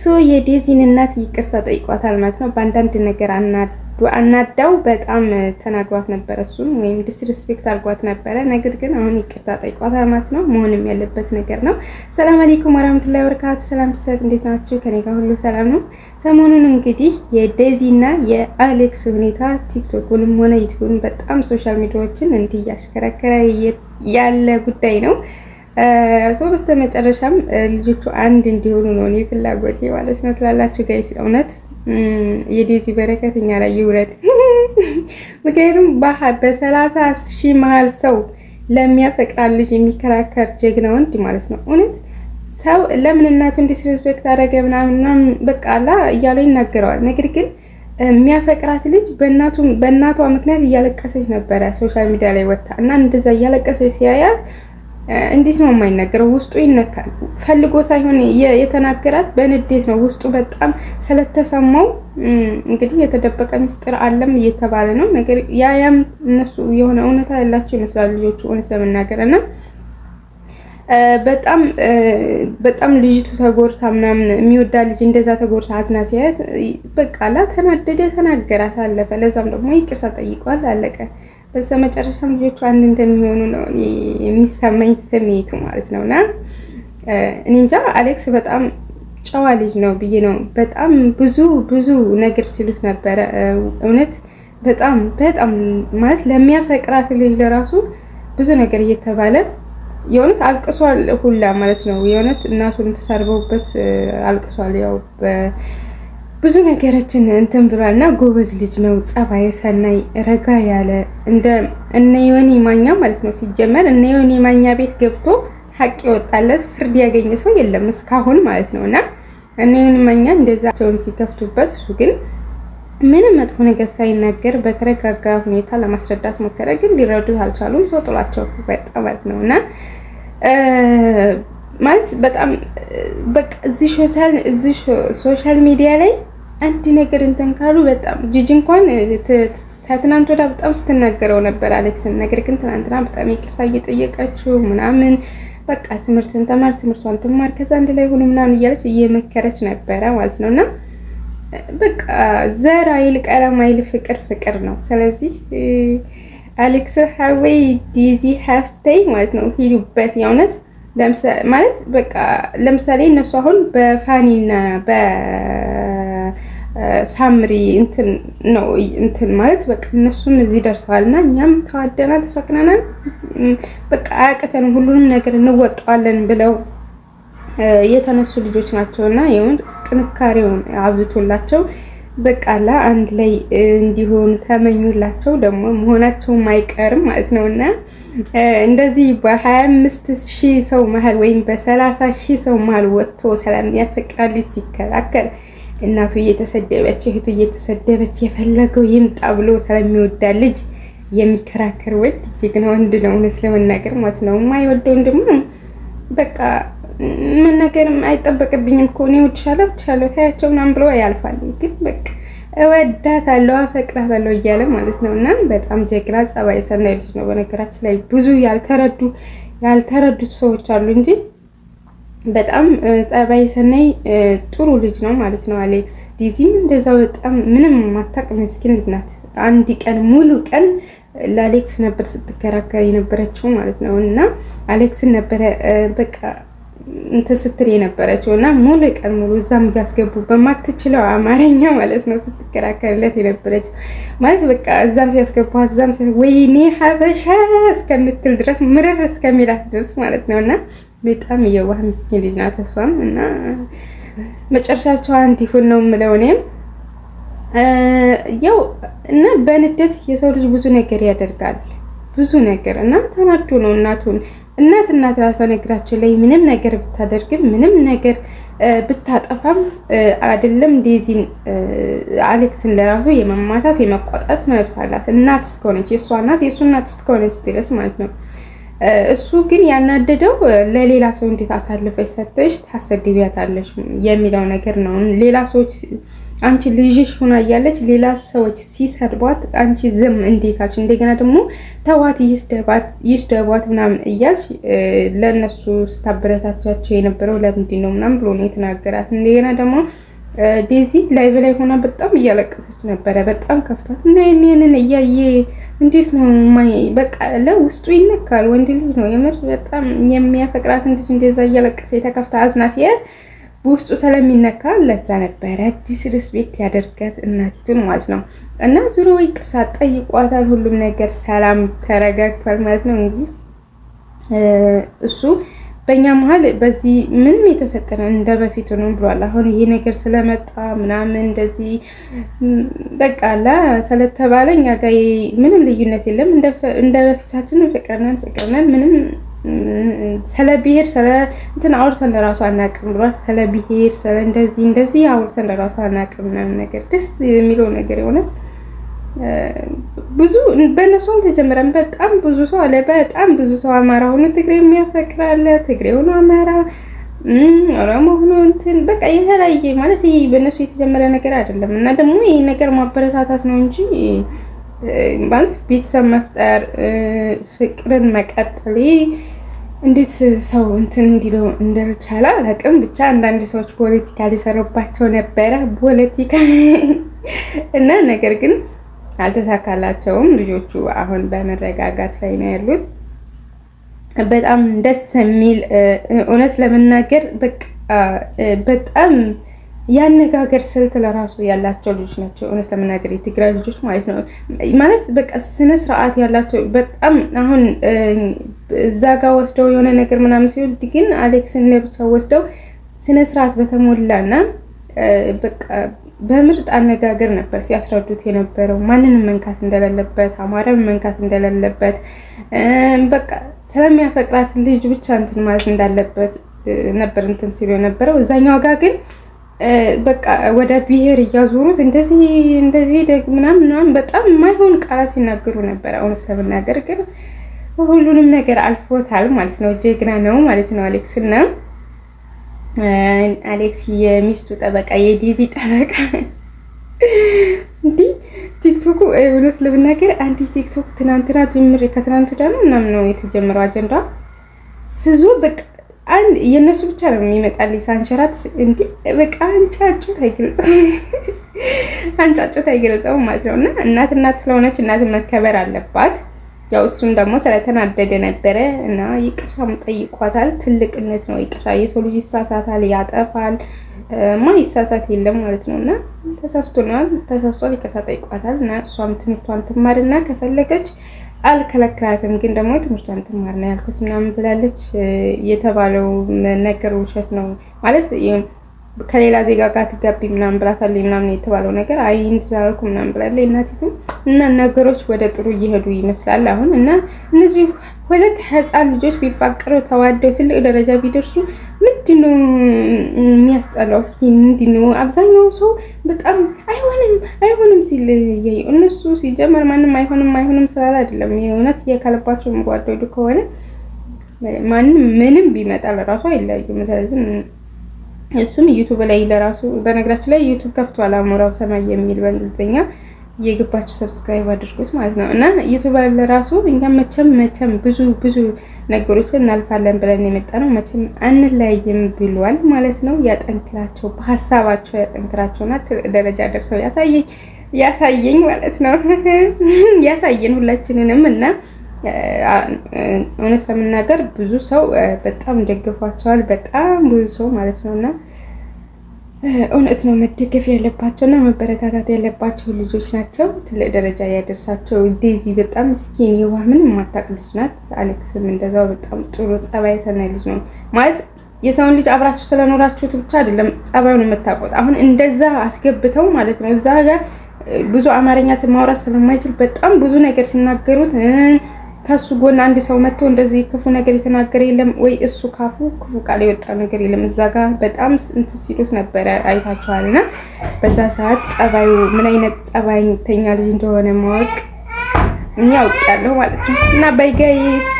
ሶ የዴዚን እናት ይቅርታ ጠይቋታል ማለት ነው። በአንዳንድ ነገር አናዳው በጣም ተናግሯት ነበረ፣ እሱም ወይም ዲስሪስፔክት አድርጓት ነበረ። ነገር ግን አሁን ይቅርታ ጠይቋታል ማለት ነው። መሆንም ያለበት ነገር ነው። ሰላም አለይኩም ወራህመቱላሂ ወበረካቱ። ሰላም ሰብ፣ እንዴት ናችሁ? ከኔ ጋር ሁሉ ሰላም ነው። ሰሞኑን እንግዲህ የዴዚና የአሌክስ ሁኔታ ቲክቶክንም ሆነ ዩቲዩብን በጣም ሶሻል ሚዲያዎችን እንዲህ እያሽከረከረ ያለ ጉዳይ ነው። ሶ በስተመጨረሻም ልጆቹ አንድ እንዲሆኑ ነው እኔ ፍላጎቴ ማለት ነው። ትላላችሁ ጋይስ እውነት የዴዚ በረከት እኛ ላይ ይውረድ። ምክንያቱም በሰላሳ ሺህ መሀል ሰው ለሚያፈቅራል ልጅ የሚከራከር ጀግና ወንድ ማለት ነው። እውነት ሰው ለምን እናቱ ዲስሬስፔክት አደረገ ምናምን በቃላ እያለ ይናገረዋል። ነገር ግን የሚያፈቅራት ልጅ በእናቷ ምክንያት እያለቀሰች ነበረ ሶሻል ሚዲያ ላይ ወጥታ እና እንደዛ እያለቀሰች ሲያያት እንዴት ነው የማይነገረው? ውስጡ ይነካል። ፈልጎ ሳይሆን የተናገራት በንዴት ነው። ውስጡ በጣም ስለተሰማው እንግዲህ የተደበቀ ምስጢር አለም እየተባለ ነው ነገር ያ ያም እነሱ የሆነ እውነታ ያላቸው ይመስላል ልጆቹ እውነት ለመናገር እና በጣም በጣም ልጅቱ ተጎርታ ምናምን የሚወዳ ልጅ እንደዛ ተጎርታ አዝና ሲያየት በቃላ ተናደደ፣ ተናገራት፣ አለፈ። ለዛም ደግሞ ይቅርታ ጠይቋል፣ አለቀ። በዛ መጨረሻም ልጆቹ አንድ እንደሚሆኑ ነው የሚሰማኝ ስሜቱ ማለት ነው። እና እኔ እንጃ አሌክስ በጣም ጨዋ ልጅ ነው ብዬ ነው። በጣም ብዙ ብዙ ነገር ሲሉት ነበረ። እውነት በጣም በጣም ማለት ለሚያፈቅራት ልጅ ለራሱ ብዙ ነገር እየተባለ የእውነት አልቅሷል ሁላ ማለት ነው። የእውነት እናቱን ተሳርበውበት አልቅሷል ያው ብዙ ነገሮችን እንትን ብሏልና ጎበዝ ልጅ ነው። ጸባይ ሰናይ፣ ረጋ ያለ እንደ እነ ዮኒ ማኛ ማለት ነው። ሲጀመር እነ ዮኒ ማኛ ቤት ገብቶ ሀቅ የወጣለት ፍርድ ያገኘ ሰው የለም እስካሁን ማለት ነው እና እነ ዮኒ ማኛ እንደዛቸውን ሲከፍቱበት እሱ ግን ምንም መጥፎ ነገር ሳይናገር በተረጋጋ ሁኔታ ለማስረዳት ሞከረ። ግን ሊረዱት አልቻሉም። ሰው ጥሏቸው በጣም ማለት ነው እና ማለት በጣም በቃ እዚህ ሶሻል እዚህ ሶሻል ሚዲያ ላይ አንድ ነገር እንትን ካሉ በጣም ጂጂ እንኳን ከትናንት ወዳ በጣም ስትናገረው ነበር አሌክስን። ነገር ግን ትናንትና በጣም ይቅርታ እየጠየቀችው ምናምን በቃ ትምህርትን ተማር፣ ትምህርቷን ትማር፣ ከዛ አንድ ላይ ሆኖ ምናምን እያለች እየመከረች ነበረ ማለት ነው። እና በቃ ዘር አይል ቀለም አይል ፍቅር ፍቅር ነው። ስለዚህ አሌክስ ሀዌይ ዲዚ ሀፍተይ ማለት ነው ሂዱበት የእውነት ማለት በቃ ለምሳሌ እነሱ አሁን በፋኒና በሳምሪ እንትን ነው እንትን ማለት በቃ እነሱም እዚህ ደርሰዋል እና እኛም ተዋደና ተፈቅነናል በቃ አያቅተንም ሁሉንም ነገር እንወጣዋለን ብለው የተነሱ ልጆች ናቸው እና ይሁን ጥንካሬውን አብዝቶላቸው በቃላ አንድ ላይ እንዲሆኑ ተመኙላቸው። ደግሞ መሆናቸው አይቀርም ማለት ነው እና እንደዚህ በ25 ሺህ ሰው መሀል ወይም በ30 ሺህ ሰው መሀል ወጥቶ ሰላም ፍቅር ሲከራከር እናቱ እየተሰደበች እህቱ እየተሰደበች የፈለገው ይምጣ ብሎ ስለሚወዳ ልጅ የሚከራከር ወድ እጅግ ነው ወንድ ነው እውነት ለመናገር ማለት ነው። የማይወደውን ደግሞ በቃ መናገርም አይጠበቅብኝም እኮ እኔ እወድሻለሁ እወድሻለሁ ታያቸው ምናምን ብሎ ያልፋል። ግን በቃ እወዳታለሁ አፈቅራታለሁ እያለ ማለት ነው። እና በጣም ጀግና ጸባይ ሰናይ ልጅ ነው። በነገራችን ላይ ብዙ ያልተረዱ ያልተረዱት ሰዎች አሉ እንጂ በጣም ጸባይ ሰናይ ጥሩ ልጅ ነው ማለት ነው። አሌክስ ዲዚም እንደዛው በጣም ምንም ማታውቅ ምስኪን ልጅ ናት። አንድ ቀን ሙሉ ቀን ለአሌክስ ነበር ስትከራከር የነበረችው ማለት ነው እና አሌክስን ነበረ በቃ እንትን ስትል የነበረችው እና ሙሉ ቀን ሙሉ እዛም እያስገቡ በማትችለው አማርኛ ማለት ነው ስትከራከርለት የነበረችው ማለት በቃ እዛም ሲያስገቧት እዛም ወይኔ ሀበሻ እስከምትል ድረስ ምርር እስከሚላት ድረስ ማለት ነው እና በጣም እየዋህ ምስኪን ልጅ ናት እሷም እና መጨረሻቸው አንድ ይሁን ነው የምለው እኔም ያው እና በንደት የሰው ልጅ ብዙ ነገር ያደርጋል ብዙ ነገር እና ተናዶ ነው እናቱን እናት እናት ናት። በነገራችን ላይ ምንም ነገር ብታደርግም ምንም ነገር ብታጠፋም አይደለም ዴዚን አሌክስን ለራሱ የመማታት የመቆጣት መብት አላት። እናት እስከሆነች የእሷ እናት የእሱ እናት እስከሆነች ድረስ ማለት ነው። እሱ ግን ያናደደው ለሌላ ሰው እንዴት አሳልፈች ሰተሽ ታሰድቢያታለሽ የሚለው ነገር ነው። ሌላ ሰዎች አንቺ ልጅሽ ሆና እያለች ሌላ ሰዎች ሲሰድቧት አንቺ ዝም እንዴታች? እንደገና ደግሞ ተዋት ይስደባት ይስደቧት ምናምን እያልሽ ለእነሱ ስታበረታቻቸው የነበረው ለምንድን ነው ምናምን ብሎ ነው የተናገራት። እንደገና ደግሞ ዴዚ ላይቭ ላይ ሆና በጣም እያለቀሰች ነበረ። በጣም ከፍቷት እና ይህንን እያየ እንዴት ነው በቃ ለውስጡ ይነካል። ወንድ ልጅ ነው የምር በጣም የሚያፈቅራት እንዴት እንደዛ እያለቀሰ የተከፍታ አዝና ሲያል ውስጡ ስለሚነካ ለዛ ነበረ ዲስርስፔክት ያደርጋት እናቲቱን ማለት ነው። እና ዙሮ ይቅርታ ጠይቋታል። ሁሉም ነገር ሰላም ተረጋግቷል ማለት ነው። እንግዲህ እሱ በእኛ መሀል በዚህ ምንም የተፈጠረ እንደ በፊቱ ነው ብሏል። አሁን ይሄ ነገር ስለመጣ ምናምን እንደዚህ በቃ አላ ስለተባለ እኛ ጋ ምንም ልዩነት የለም። እንደ በፊታችን ፍቅርነን ፍቅርነን ምንም ስለ ብሄር ስለ እንትን አውርተን ለራሱ አናውቅም ብሏል። ስለ ብሄር ስለ እንደዚህ እንደዚህ አውርተን ለራሱ አናውቅም ምናምን ነገር ደስ የሚለው ነገር የሆነት ብዙ በእነሱ አልተጀመረም። በጣም ብዙ ሰው አለ። በጣም ብዙ ሰው አማራ ሆኖ ትግሬ የሚያፈቅር አለ። ትግሬ ሆኖ አማራ፣ ኦሮሞ ሆኖ እንትን በቃ የተለያየ ማለት ይሄ በእነሱ የተጀመረ ነገር አይደለም እና ደግሞ ይህ ነገር ማበረታታት ነው እንጂ ማለት ቤተሰብ መፍጠር ፍቅርን መቀጠል እንዴት ሰው እንትን እንዲለው እንደቻለ አላውቅም። ብቻ አንዳንድ ሰዎች ፖለቲካ ሊሰሩባቸው ነበረ ፖለቲካ እና ነገር ግን አልተሳካላቸውም። ልጆቹ አሁን በመረጋጋት ላይ ነው ያሉት። በጣም ደስ የሚል እውነት ለመናገር በቃ በጣም የአነጋገር ስልት ለራሱ ያላቸው ልጆች ናቸው። እውነት ለመናገር የትግራይ ልጆች ማለት ነው ማለት በቃ ስነ ስርዓት ያላቸው በጣም አሁን እዛ ጋር ወስደው የሆነ ነገር ምናምን ሲሆን ግን አሌክስ ብቻ ወስደው ስነ ስርዓት በተሞላና በቃ በምርጥ አነጋገር ነበር ሲያስረዱት የነበረው ማንንም መንካት እንደሌለበት፣ አማራን መንካት እንደሌለበት በቃ ስለሚያፈቅራት ልጅ ብቻ እንትን ማለት እንዳለበት ነበር እንትን ሲሉ የነበረው እዛኛው ጋር ግን በቃ ወደ ብሔር እያዞሩት እንደዚህ እንደዚህ ምናምን ምናምን በጣም የማይሆን ቃላት ሲናገሩ ነበር። እውነት ለመናገር ግን ሁሉንም ነገር አልፎታል ማለት ነው። ጀግና ነው ማለት ነው አሌክስ እና አሌክስ የሚስቱ ጠበቃ የዴዚ ጠበቃ እንዲህ ቲክቶኩ እውነት ለመናገር አንድ ቲክቶክ ትናንትና ጅምር ከትናንት ወዲያ ነው ምናምን ነው የተጀመረው አጀንዳ ስዞ በቃ አንድ የእነሱ ብቻ ነው የሚመጣልኝ ሳንሸራት እንዲ በቃ አንጫጩት አይገልጸው አንጫጩት አይገልጸውም ማለት ነው። እና እናት እናት ስለሆነች እናት መከበር አለባት። ያው እሱም ደግሞ ስለተናደደ ነበረ እና ይቅርታም ጠይቋታል። ትልቅነት ነው ይቅርታ። የሰው ልጅ ይሳሳታል፣ ያጠፋል። ማን ይሳሳት የለም ማለት ነው እና ተሳስቶናል፣ ተሳስቷል። ይቅርታ ጠይቋታል እና እሷም ትምህርቷን ትማርና ከፈለገች አልከለከላትም ግን ደግሞ ትምህርቷን ትማር ነው ያልኩት ምናምን ብላለች። የተባለው ነገር ውሸት ነው ማለት ከሌላ ዜጋ ጋር ትጋቢ ምናምን ብላታለች ምናምን የተባለው ነገር አይ እንደዛ አልኩ ምናምን ብላለች እናቲቱ። እና ነገሮች ወደ ጥሩ እየሄዱ ይመስላል አሁን እና እነዚህ ሁለት ህፃን ልጆች ቢፋቀሩ ተዋደው ትልቅ ደረጃ ቢደርሱ ነው የሚያስጠላው? እስኪ ነው? አብዛኛው ሰው በጣም አይሆንም አይሆንም ሲል እነሱ ሲጀመር ማንም አይሆንም አይሆንም ስላለ አይደለም። የእውነት የከለባቸው የሚጓደዱ ከሆነ ማንም ምንም ቢመጣ ለራሱ አይለያዩም። ስለዚህ እሱም ዩቱብ ላይ ለራሱ በነገራችን ላይ ዩቱብ ከፍቷል አሞራው ሰማይ የሚል በእንግሊዝኛ የገባችሁ ሰብስክራይብ አድርጉት ማለት ነው። እና ዩቱብ አለ ራሱ እኛ መቼም መቼም ብዙ ብዙ ነገሮችን እናልፋለን ብለን የመጣ ነው። መቼም አንለያይም ብሏል ማለት ነው። ያጠንክራቸው፣ በሀሳባቸው ያጠንክራቸውና ደረጃ ደርሰው ያሳየኝ ያሳየኝ ማለት ነው። ያሳየን ሁላችንንም እና እውነት ለመናገር ብዙ ሰው በጣም ደግፏቸዋል። በጣም ብዙ ሰው ማለት ነው እና እውነት ነው መደገፍ ያለባቸው እና መበረታታት ያለባቸው ልጆች ናቸው። ትልቅ ደረጃ ያደርሳቸው። ዴዚ በጣም ስኪን የዋ ምንም የማታቅ ልጅ ናት። አሌክስም እንደዛው በጣም ጥሩ ጸባይ ሰናይ ልጅ ነው ማለት የሰውን ልጅ አብራችሁ ስለኖራችሁት ብቻ አይደለም ጸባዩን የምታውቁት። አሁን እንደዛ አስገብተው ማለት ነው እዛ ጋር ብዙ አማርኛ ስማውራት ስለማይችል በጣም ብዙ ነገር ሲናገሩት ከሱ ጎን አንድ ሰው መጥቶ እንደዚህ ክፉ ነገር የተናገረ የለም ወይ? እሱ ካፉ ክፉ ቃል የወጣ ነገር የለም። እዛ ጋ በጣም እንትን ሲሉት ነበረ አይታችኋል። እና በዛ ሰዓት ጸባዩ ምን አይነት ጸባይተኛ ልጅ እንደሆነ ማወቅ እኛ አውቅ ያለሁ ማለት ነው እና ጋይስ